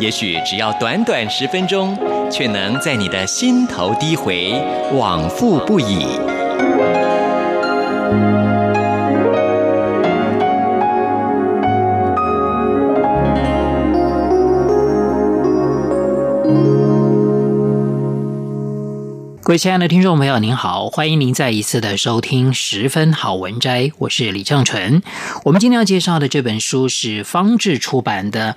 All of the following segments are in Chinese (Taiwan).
也許只要短短十分鐘，卻能在你的心頭低回，往復不已。各位親愛的聽眾朋友，您好，歡迎您再一次的收聽《十分好文摘》，我是李正淳。我們今天要介紹的這本書是方智出版的。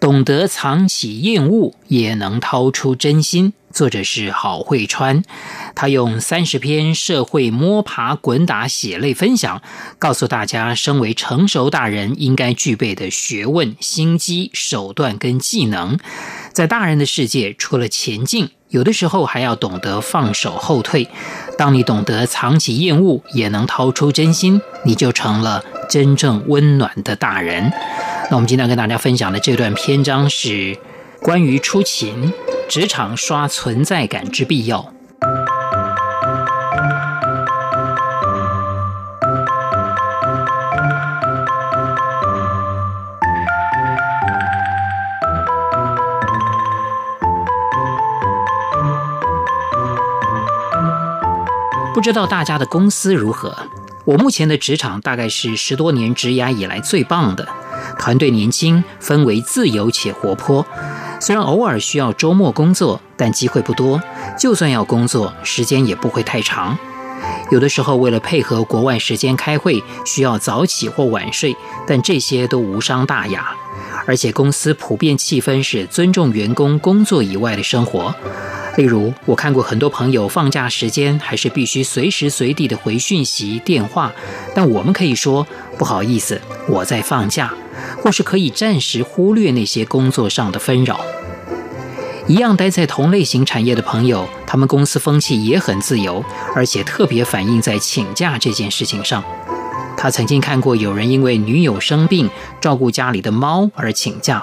懂得藏起厭惡，也能掏出真心。作者是郝慧川，他用三十篇社會摸爬滾打血淚分享，告訴大家，身為成熟大人應該具備的學問、心機、手段跟技能。在大人的世界，除了前進，有的時候還要懂得放手後退。當你懂得藏起厭惡，也能掏出真心，你就成了真正溫暖的大人。那我們今天要跟大家分享的這段篇章是關於出勤、職場刷存在感之必要。不知道大家的公司如何？我目前的職場大概是十多年職涯以來最棒的。團隊年輕，氛圍自由且活潑。雖然偶爾需要周末工作，但機會不多。就算要工作，時間也不會太長。有的時候為了配合國外時間開會，需要早起或晚睡，但這些都無傷大雅。而且公司普遍氣氛是尊重員工工作以外的生活。例如，我看過很多朋友放假時間還是必須隨時隨地的回訊息、電話，但我們可以說不好意思，我在放假，或是可以暫時忽略那些工作上的紛擾。一樣待在同類型產業的朋友，他們公司風氣也很自由，而且特別反映在請假這件事情上。他曾經看過有人因為女友生病、照顧家裡的貓而請假，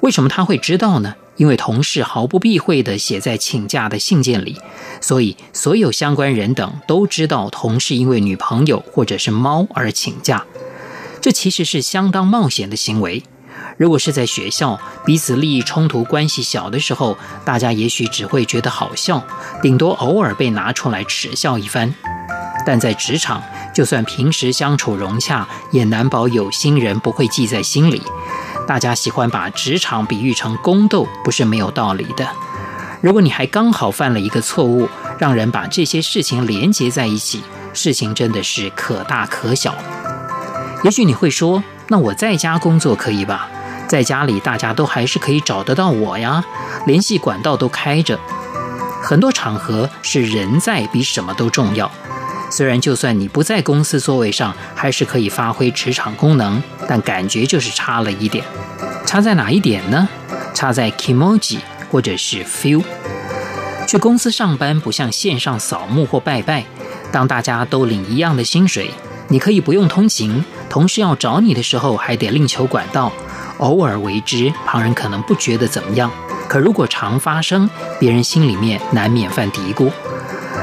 為什麼他會知道呢？因為同事毫不避諱地寫在請假的信件裡，所以所有相關人等都知道同事因為女朋友或者是貓而請假。這其實是相當冒險的行為。如果是在學校，彼此利益衝突關係小的時候，大家也許只會覺得好笑，頂多偶爾被拿出來恥笑一番。但在職場，就算平時相處融洽，也難保有心人不會記在心裡。大家喜歡把職場比喻成宮鬥，不是沒有道理的。如果你還剛好犯了一個錯誤，讓人把這些事情連接在一起，事情真的是可大可小。也許你會說，那我在家工作可以吧？在家裡大家都還是可以找得到我呀，聯繫管道都開着。很多場合是人在比什麼都重要。雖然就算你不在公司座位上，還是可以發揮職場功能，但感覺就是差了一點。差在哪一點呢？差在 kimoji 或者是 feel。去公司上班不像線上掃墓或拜拜，當大家都領一樣的薪水，你可以不用通勤，同事要找你的時候還得另求管道。偶爾為之，旁人可能不覺得怎麼樣；可如果常發生，別人心裡面難免犯嘀咕。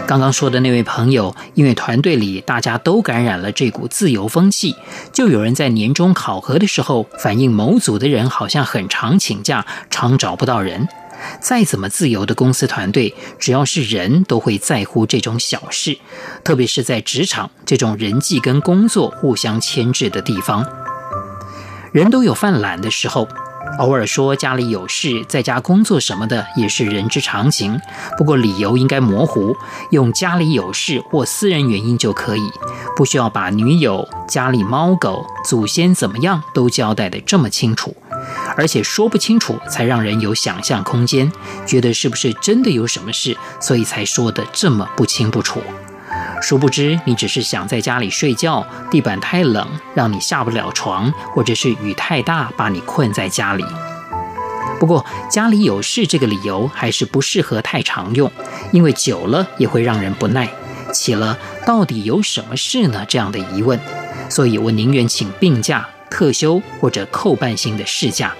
剛剛說的那位朋友，因為團隊裡大家都感染了這股自由風氣，就有人在年終考核的時候反映，某組的人好像很常請假，常找不到人。再怎麼自由的公司團隊，只要是人都會在乎這種小事，特別是在職場這種人際跟工作互相牽制的地方，人都有犯懶的時候。偶爾說家裡有事，在家工作什麼的也是人之常情，不過理由應該模糊，用家裡有事或私人原因就可以，不需要把女友、家裡貓狗、祖先怎麼樣都交代得這麼清楚，而且說不清楚才讓人有想象空間，覺得是不是真的有什麼事，所以才說得這麼不清不楚。殊不知，你只是想在家裡睡覺，地板太冷讓你下不了床，或者是雨太大把你困在家裡。不過，家裡有事這個理由還是不適合太常用，因為久了也會讓人不耐，起了到底有什麼事呢這樣的疑問。所以我寧願請病假、特休或者扣半薪的事假。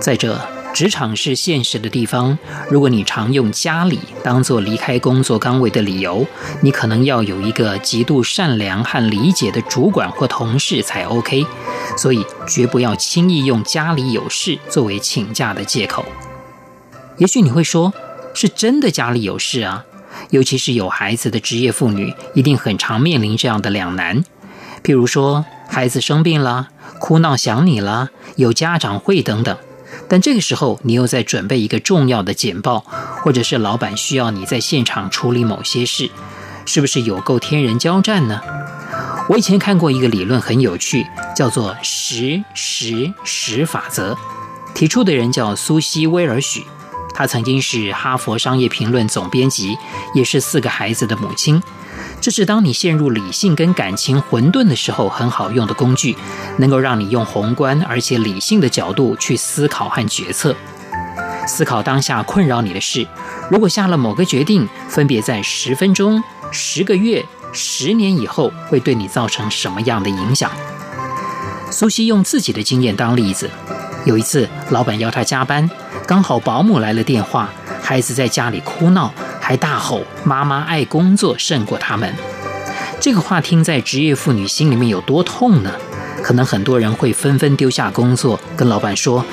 再者。職場是現實的地方，如果你常用家裡當做離開工作崗位的理由，你可能要有一個極度善良和理解的主管或同事才 OK。所以，絕不要輕易用家裡有事作為請假的借口。也許你會說，是真的家裡有事啊，尤其是有孩子的職業婦女，一定很常面臨這樣的兩難，譬如說孩子生病了、哭鬧想你了、有家長會等等。但這個時候，你又在準備一個重要的簡報，或者是老板需要你在現場處理某些事，是不是有夠天人交戰呢？我以前看過一個理論，很有趣，叫做“十十十法則”。提出的人叫蘇西·威爾許，她曾經是哈佛商業評論總編輯，也是四個孩子的母親。這是當你陷入理性跟感情混沌的時候，很好用的工具，能夠讓你用宏觀而且理性的角度去思考和決策。思考當下困擾你的事，如果下了某個決定，分別在十分鐘、十個月、十年以後會對你造成什麼樣的影響？蘇西用自己的經驗當例子：有一次，老闆要他加班，剛好保姆來了電話，孩子在家裡哭鬧。還大吼：“媽媽愛工作勝過他們。”這個話聽在職業婦女心裡面有多痛呢？可能很多人會紛紛丟下工作，跟老闆說：“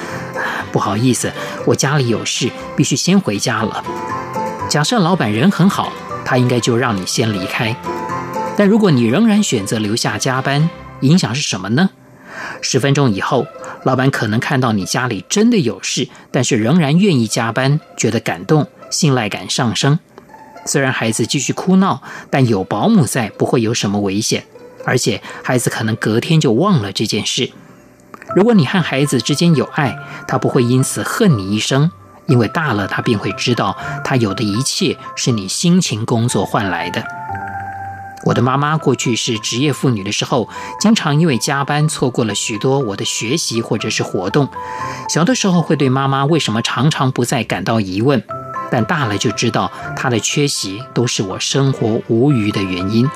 不好意思，我家裡有事，必須先回家了。”假設老闆人很好，他應該就讓你先離開。但如果你仍然選擇留下加班，影響是什麼呢？十分鐘以後，老闆可能看到你家裡真的有事，但是仍然願意加班，覺得感動。信賴感上升，雖然孩子繼續哭鬧，但有保姆在，不會有什麼危險，而且孩子可能隔天就忘了這件事。如果你和孩子之間有愛，他不會因此恨你一生，因為大了他便會知道，他有的一切是你辛勤工作換來的。我的媽媽過去是職業婦女的時候，經常因為加班錯過了許多我的學習或者是活動，小的時候會對媽媽為什麼常常不在感到疑問。但大了就知道，他的缺席都是我生活無虞的原因。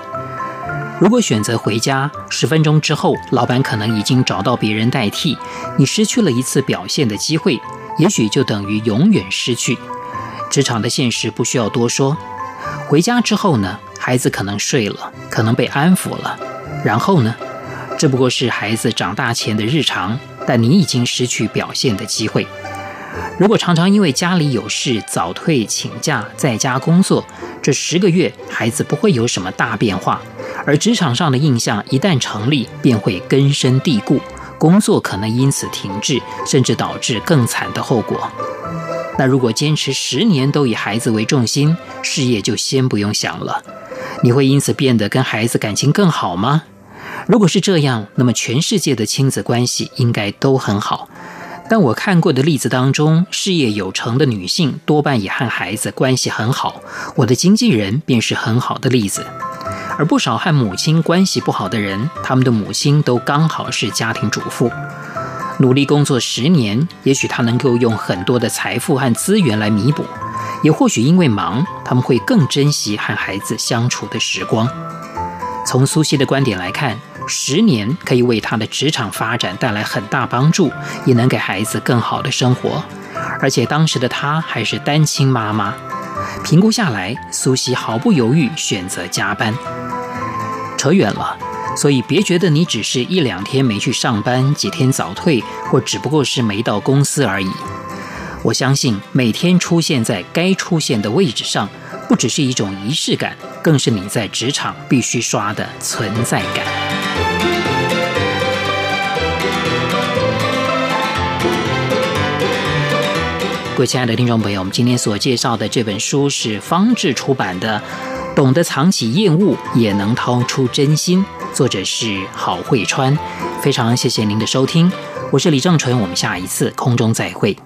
如果選擇回家，十分鐘之後，老闆可能已經找到別人代替，你失去了一次表現的機會，也許就等於永遠失去。職場的現實不需要多說。回家之後呢，孩子可能睡了，可能被安撫了，然後呢，這不過是孩子長大前的日常，但你已經失去表現的機會。如果常常因為家裡有事早退請假在家工作，這十個月孩子不會有什麼大變化，而職場上的印象一旦成立，便會根深蒂固，工作可能因此停滯，甚至導致更慘的後果。那如果堅持十年都以孩子為重心，事業就先不用想了。你會因此變得跟孩子感情更好嗎？如果是這樣，那麼全世界的親子關係應該都很好。但我看過的例子當中，事業有成的女性多半也和孩子關係很好，我的經紀人便是很好的例子。而不少和母親關係不好的人，他們的母親都剛好是家庭主婦。努力工作十年，也許她能夠用很多的財富和資源來彌補，也或許因為忙，他們會更珍惜和孩子相處的時光。從蘇西的觀點來看。十年可以為他的職場發展帶來很大幫助，也能給孩子更好的生活。而且當時的她還是單親媽媽。評估下來，蘇西毫不猶豫選擇加班。扯遠了，所以別覺得你只是一兩天沒去上班，幾天早退，或只不過是沒到公司而已。我相信每天出現在該出現的位置上。不只是一種儀式感，更是你在職場必須刷的存在感。各位親愛的聽眾朋友，我們今天所介紹的這本書是方智出版的《懂得藏起厭惡，也能掏出真心》，作者是郝慧川。非常謝謝您的收聽，我是李正淳，我們下一次空中再會。